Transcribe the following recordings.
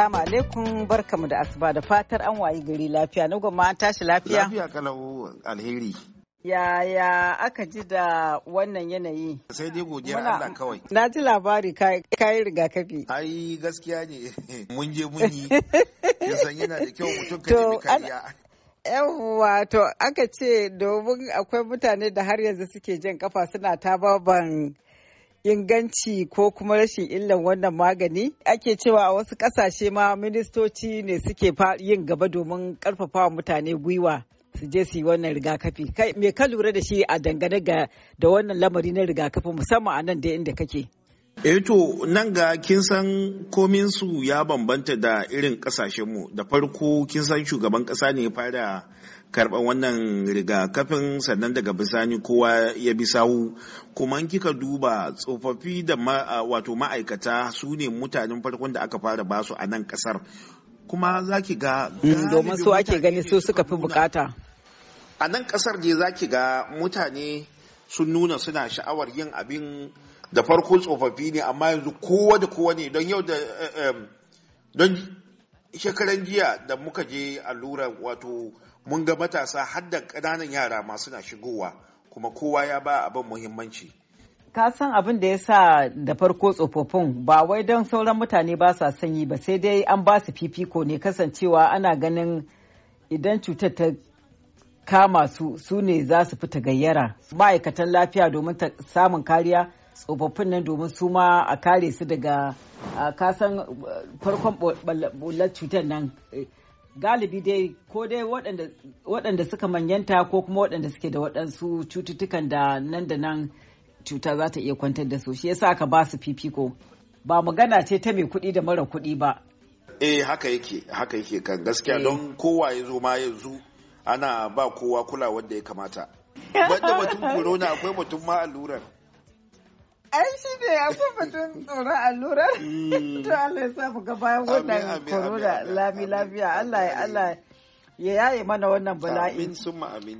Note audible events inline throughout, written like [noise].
Assalamu alaikum barkamu da asuba da fatar an wayi gari lafiya na gwamma an tashi lafiya. Lafiya kalau alheri. Yaya aka ji da wannan yanayi? Sai dai godiya Allah kawai. Na ji labari kayi rigakafi. Ai gaskiya ne [laughs] mun je mun yi. [laughs] Yasan yana da kyau mutum ka ji kariya. yawwa to aka ce domin akwai mutane da har yanzu suke jan kafa suna ta baban inganci ko kuma rashin illan wannan magani ake cewa a wasu kasashe ma ministoci ne suke yin gaba domin karfafa mutane gwiwa su je su yi wannan rigakafi me ka lura da shi a dangane ga da wannan lamari na rigakafi musamman a nan da inda kake eh to nan ga kin san komin su ya bambanta da irin kasashen mu da farko kin san shugaban kasa ne ya fara karɓar wannan rigakafin sannan daga bisani kowa ya bi sahu kuma in kika duba tsofaffi da wato ma'aikata su ne mutanen farkon da aka fara basu a nan ƙasar kuma za ki ga mm, domin su ake gani su suka fi bukata a nan ƙasar ne za ki ga mutane sun nuna suna sha'awar yin abin da farko tsofaffi ne amma yanzu kowa da kowa ne don yau da eh, eh, don shekaran jiya da muka je allura wato mun ga matasa hadda kananan ƙananan yara ma suna shigowa kuma kowa ya ba abin muhimmanci ka san abin da ya sa da farko tsofaffin ba wai don sauran mutane ba sa sanyi ba sai dai an ba su fifiko ne kasancewa ana ganin idan cutar ta kama su su ne za su fita gayyara ma'aikatan lafiya domin samun kariya tsofaffin nan domin su ma a kare su daga kasan farkon bullar cutar nan eh, galibi dai ko dai waɗanda suka manyanta ko kuma waɗanda suke da waɗansu cututtukan da nan da nan cuta za ta iya kwantar da su shi yasa aka ba su fifiko ba magana ce ta mai kuɗi da mara kuɗi ba eh haka yake haka yake kan gaskiya eh. don kowa ya zo ma yanzu ana ba kowa kulawar da ya kamata banda batun corona akwai mutum ma allurar ai shi ne a batun tsoron allurar mm. to Allah ya sa mu ga bayan wannan corona lami lafiya Allah ya ya yaye mana wannan bala'i amin summa amin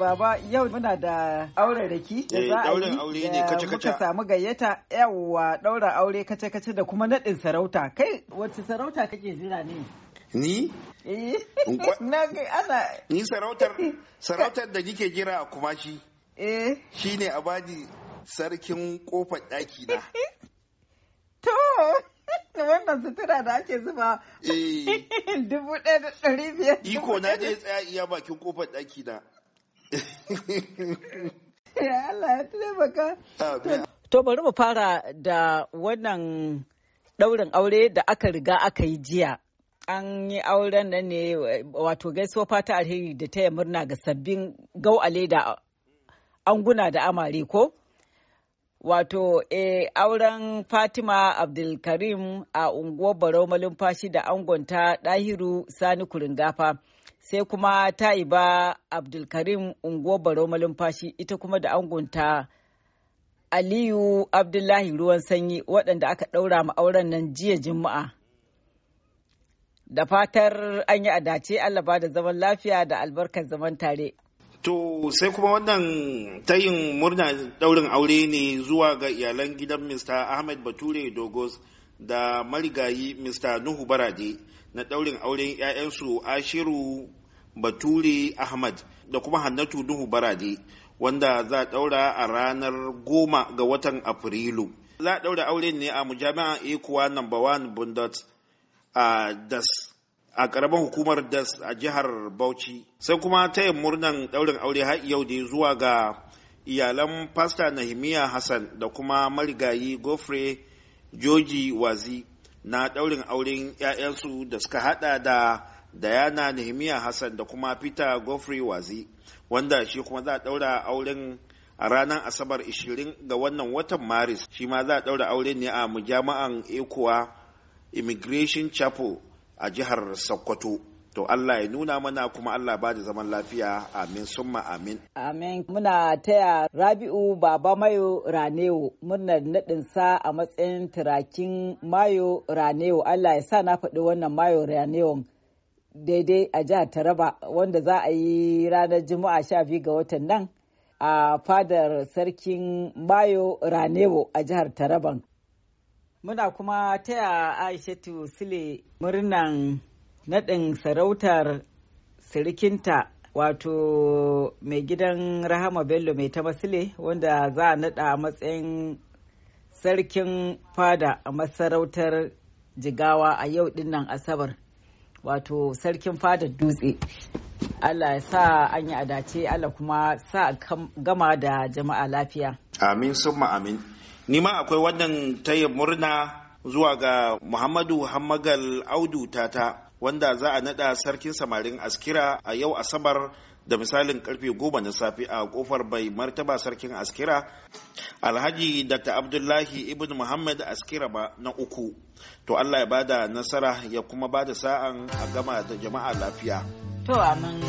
baba yau muna da aure da ki eh, da za a yi muka samu gayyata yawa daura aure kace kace da kuma nadin sarauta kai wacce sarauta kake jira ne ni eh, [laughs] ni sarautar [laughs] sarautar da kike jira a kumashi eh shine abadi sarkin kofar daki na [laughs] to wannan sutura da ake zuba eh. dubu ɗaya da ɗari biyar. Iko na je tsaya iya bakin kofar ɗaki na. To bari mu fara da wannan ɗaurin aure da aka riga aka yi jiya. An yi auren nan ne wato gaisuwa fata alheri da taya murna ga sabbin gau'ale da anguna da amare ko? Wato e, auren Fatima Abdulkarim a unguwar Barau Malumfashi da angonta Ɗahiru Sani Kuringafa. sai kuma ta'iba abdulkarim unguwar baro malumfashi ita kuma da angunta aliyu abdullahi ruwan sanyi waɗanda aka ɗaura ma auren nan jiya juma'a da fatar an yi adace allah ba da zaman lafiya da albarkar zaman tare To sai kuma wannan ta yin murna daurin aure ne zuwa ga iyalan gidan Mr. Ahmed Bature Dogos da marigayi Mr. Nuhu Barade na daurin auren 'ya'yansu Ashiru Bature Ahmad da kuma Hannatu Nuhu Barade wanda za a ɗaura a ranar goma ga watan Afrilu. Za a ɗaura auren ne a majami'an Ekuwa No. 1 Bundot a Das a ƙaramin hukumar Das a jihar Bauchi. Sai kuma tayan murnan ɗaurin aure har yau da zuwa ga iyalan Fasta Nahimiya Hassan da kuma marigayi Gofre Joji Wazi na ɗaurin auren 'ya'yansu da suka hada da Diana Nehemiya Hassan da kuma Peter Godfrey Wazi wanda shi kuma za a daura auren a ranar Asabar 20 ga wannan watan Maris shi ma za a daura auren ne a mujama'an Ekuwa Immigration Chapel a jihar Sokoto. To Allah ya nuna mana kuma Allah ba da zaman lafiya amin summa amin. Amin. Muna taya Rabi'u Baba Mayo Ranewo muna naɗinsa a matsayin turakin Mayo Ranewo. Allah ya sa na faɗi wannan Mayo Ranewon. daidai a jihar Taraba wanda za a yi ranar Juma'a sha biyu ga watan nan a fadar sarkin Bayo Ranewo a jihar Taraban. Muna kuma taya Aishatu Sule murnan naɗin sarautar sirikinta wato mai gidan Rahama Bello mai ta masile wanda za a naɗa a matsayin sarkin fada a masarautar jigawa a yau dinnan asabar. wato sarkin fadar dutse allah ya sa an yi adace allah kuma sa gama da jama'a lafiya amin summa amin ni akwai wannan taya murna zuwa ga muhammadu hammagal audu tata wanda za a nada sarkin samarin askira a yau asabar da misalin karfe goma na safe a kofar bai martaba sarkin askira alhaji dr abdullahi ibn muhammad askira ba na uku to allah ya bada nasara ya kuma bada sa'an a gama da jama'a lafiya to amin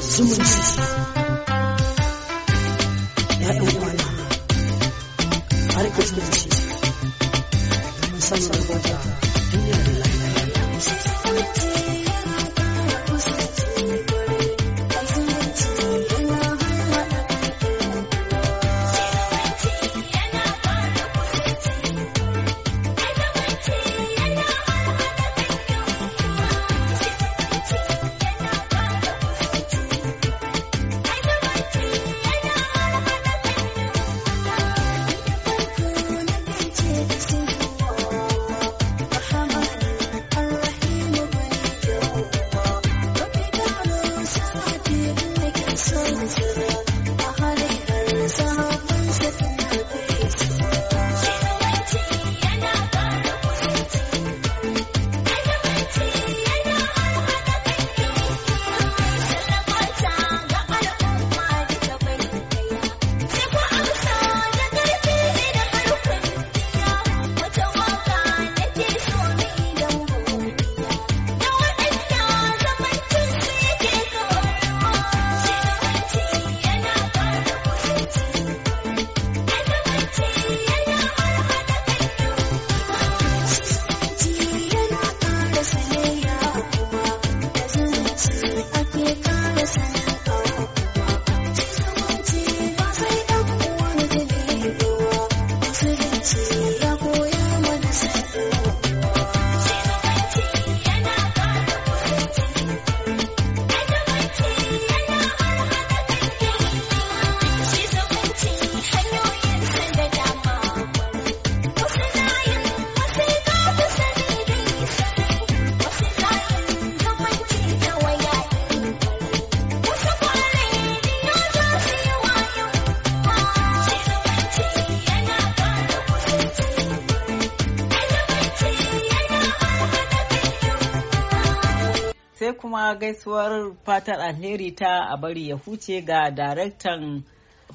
kuma gaisuwar fatar alheri ta a bari ya huce ga daraktan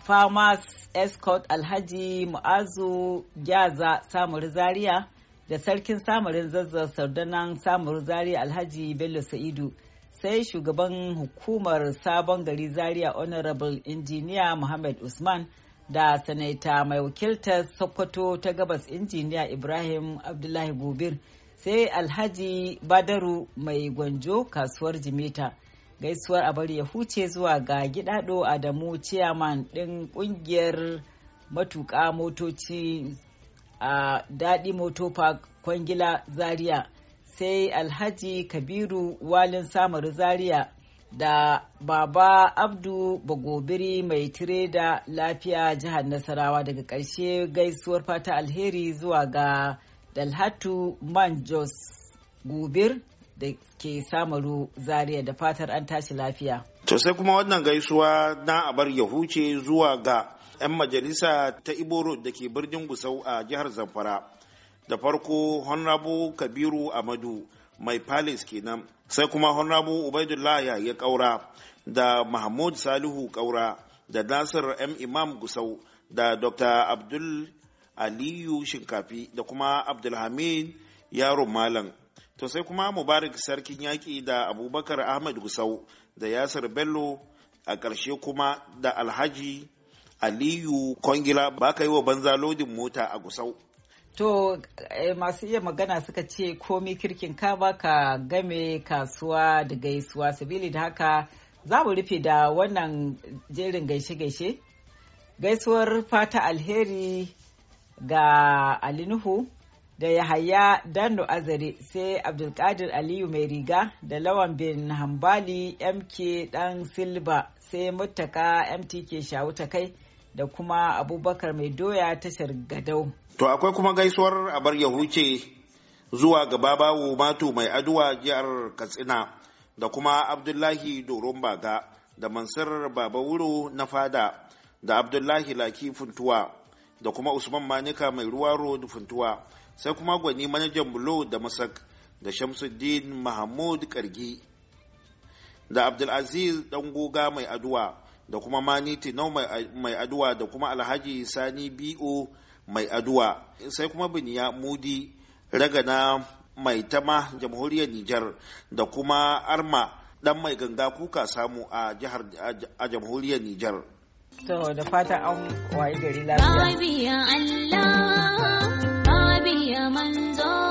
farmers escort alhaji mu'azu gyaza samuri zaria da sarkin samarin zazzar sardanan samuri zaria alhaji bello sa'idu sai shugaban hukumar sabon gari zaria honorable engineer muhammad usman da sanaita mai wakiltar sokoto ta gabas injiniya ibrahim abdullahi gobir sai alhaji badaru mai gwanjo kasuwar jimita gaisuwar abar bari ya huce zuwa ga gidado adamu ciyaman din kungiyar matuka motoci a daɗi moto park kwangila zaria sai alhaji kabiru walin samar zaria da baba abdu bagobiri mai tire da lafiya jihar nasarawa daga ƙarshe gaisuwar fata alheri zuwa ga dalhatu man jos gubir da ke samaru zaria da fatar an tashi lafiya to sai kuma wannan gaisuwa na abar ya huce zuwa ga 'yan majalisa ta iboro da ke birnin gusau a jihar zamfara da farko honrabu kabiru amadu mai palace kenan sai kuma honrabu ubaidullah ya kaura da mahmud salihu kaura da nasir m imam gusau da dr abdul aliyu shinkafi da kuma abdulhamid yaro malam to sai kuma mubarak sarkin yaƙi da abubakar ahmad gusau da yasir bello a ƙarshe kuma da alhaji aliyu kwangila ba ka yi wa banza lodin mota a gusau To eh, masu iya magana suka ce komi kirkin ka baka game kasuwa da gaisuwa sabili da haka za mu rufe da wannan jerin gaishe-gaishe. Gaisuwar fata alheri ga Alinuhu da ya Yahaya dano Azare sai Abdulkadir Aliyu mai riga da Lawan bin Hambali MK Dan Silba sai mutaka MTK ta kai da kuma Abubakar mai doya tashar Gadau. To akwai kuma gaisuwar abar ya huce zuwa gaba bawo mato mai aduwa jihar Katsina da kuma Abdullahi Doron Baga da Mansur Baba Wuro na fada da Abdullahi Laki Funtuwa da kuma usman manika mai ruwa road funtuwa sai kuma gwani manajan bulo da masak da shamsuddin mahmud kargi da abdulaziz goga mai aduwa da kuma mani tinau mai aduwa da kuma alhaji sani bo mai aduwa sai kuma biniya mudi ragana mai tama jamhuriyar nijar da kuma arma dan mai ganga kuka samu a jamhuriyar nijar To da fata an wayi gari lafiya. Babiya Allah, babiya manzo.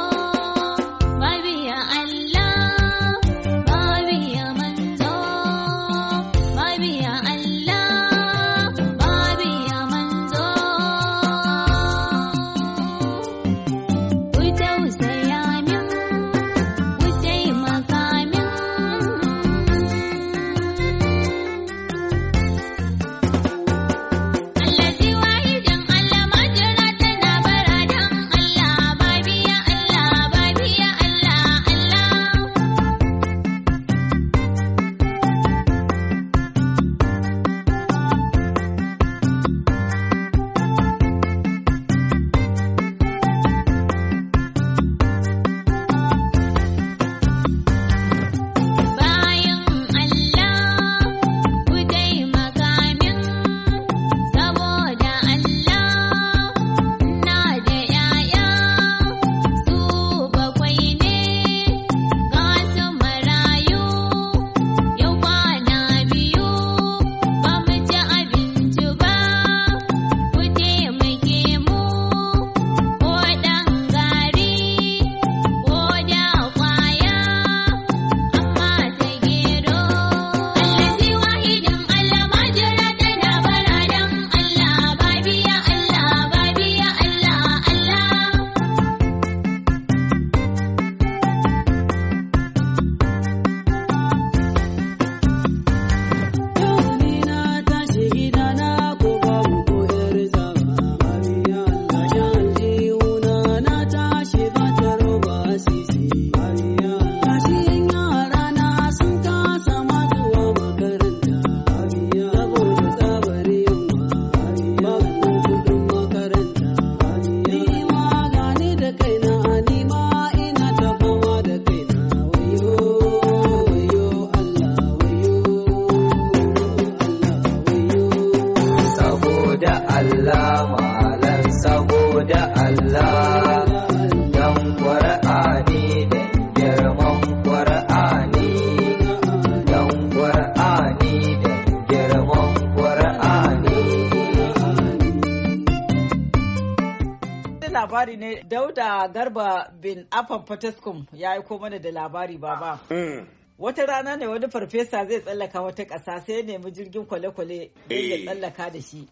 Garba bin Afan Fataskum ya aiko mana da labari ba mm. Wata rana ne wani farfesa zai tsallaka wata ƙasa sai nemi jirgin kwale-kwale ya eh. tsallaka da shi.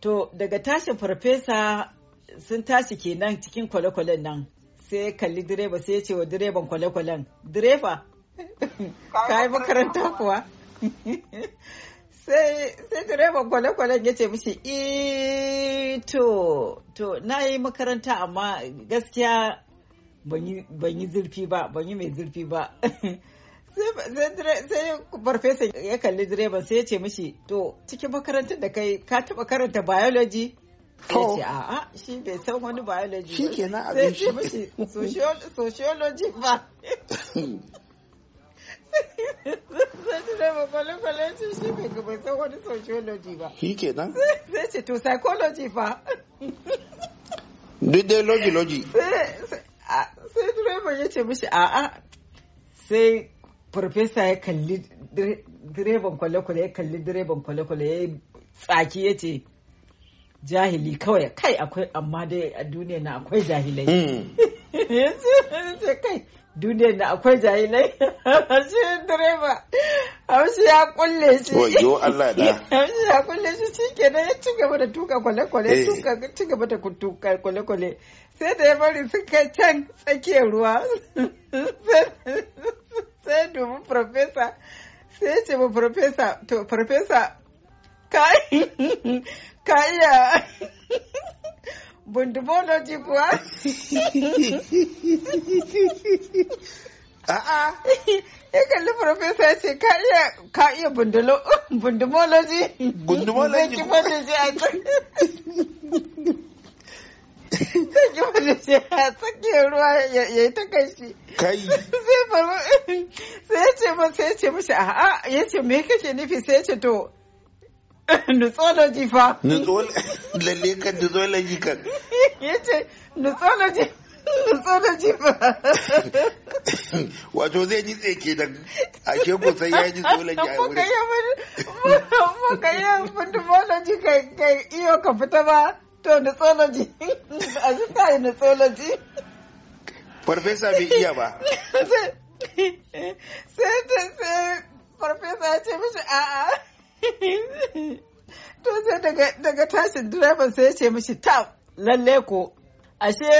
To daga tashin farfesa sun tashi kenan cikin kwale-kwalen nan sai ya kalli direba sai ya ce wa direban kwale-kwalen direba [laughs] ka yi makaranta kuwa [laughs] sai direban kwale-kwalen ya ce mishi e, to to na yi makaranta amma gaskiya ban yi zurfi ba ban yi mai zurfi ba [laughs] sai farfesa ya kalli direban sai ya ce mishi to cikin makarantar da kai ka taba karanta biology ya oh. ce a'a shi bai san wani biology ba sai ce mishi sociology ba [laughs] sai da ba kwale-kwale shi shi bai gaba san wani sociology ba shi ke nan sai ce to psychology fa duk dai logi-logi sai direban ya ce mishi a'a sai farfesa ya kalli direban kwale-kwale ya kalli direban kwale-kwale ya yi tsaki ya ce jahili kawai kai akwai amma dai a duniya na akwai jahilai hmm. [laughs] ya ce kai duniyar da akwai jahilai shi direba haushi ya kulle shi wajo Allah da haushi ya kulle shi shi shikenan ya ci gaba da tuka kwale-kwale eh. tuka ci gaba da tuka kwale-kwale sai da ya bari sun kai can tsakiyar ruwa sai domin farfesa sai ya ce ma farfesa to farfesa ka iya bundubology kuwa a'a ya kalli profesa ce ka iya bundumology bundumology a a tsakiyar ruwa ya yi ta kashi kai sai [laughs] ah, ya ce mashi a'a ya ce me kake nufi sai ya ce to [laughs] nutsology fa [laughs] lalle kan nutsology kan [laughs] ya ce nutsology nutsology fa wato zai ji tseke da ashe ko sai ya ji zoology a wurin muka yi fundamology ka iyo ka fita ba to nutsology a ji, ka yi nutsology farfesa bai iya ba sai farfesa ya ce mishi a'a to sai daga tashin direban sai ya ce mishi ta lalle ko ashe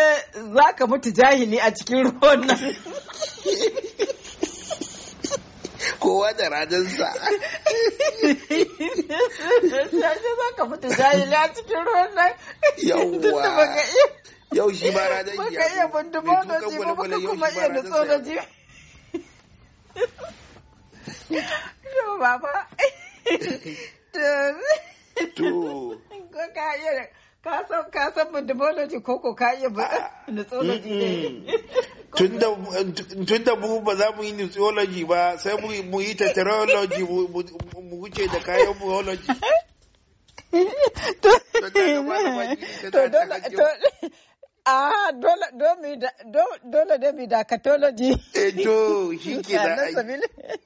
za ka mutu jahili a cikin ruwan nan kowa da rajansa ashe za ka mutu jahili a cikin ruwan nan yauwa yau shi ma rajan ya baka iya bunduma da ji ba baka kuma iya nutso da ji [laughs] baba. to ko ka iya ka san ka san ko ko ka iya nutsology tun da mu ba za mu yi nutsology ba sai mu yi mu wuce da kayan [laughs] to [laughs] Ah, dole da mi da katoloji. Eh shi [laughs] ke da.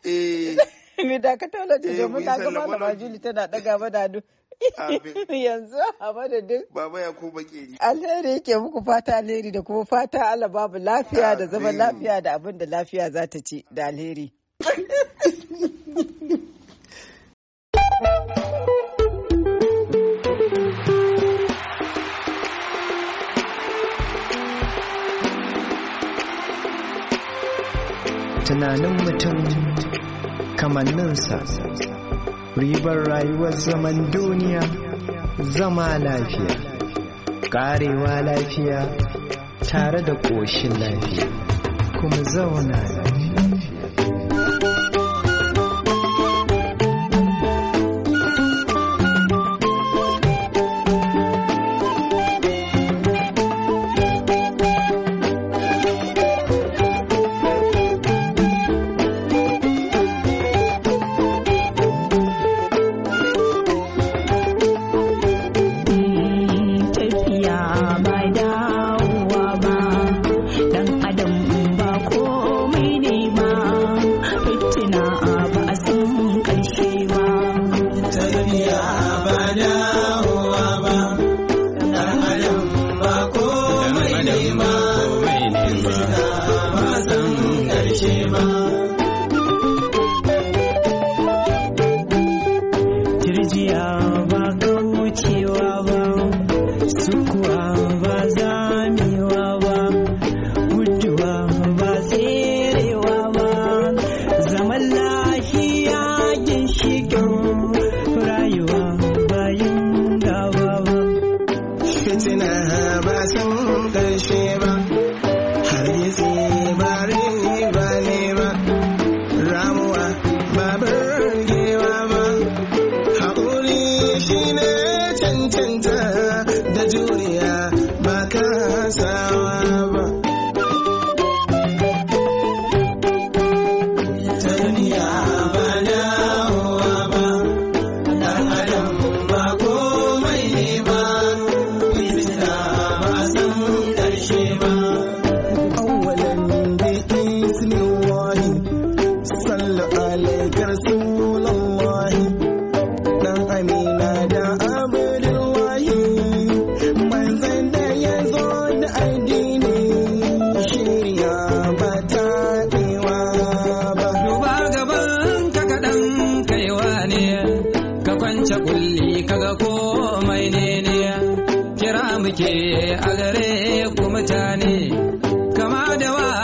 Eh. Me dakatar da ce eh, domin na ga malama Juli tana daga madadu. [laughs] Yanzu a madadin. Baba ya ko bakeri. Alheri yake muku fata alheri da kuma fata Allah babu lafiya da zaman lafiya da abin da lafiya za ta ci da alheri. Tunanin mutum kamanninsa ribar rayuwar zaman duniya zama lafiya ƙarewa lafiya tare da ƙoshin lafiya kuma zauna The juriya muke a gare ku mutane kama da wa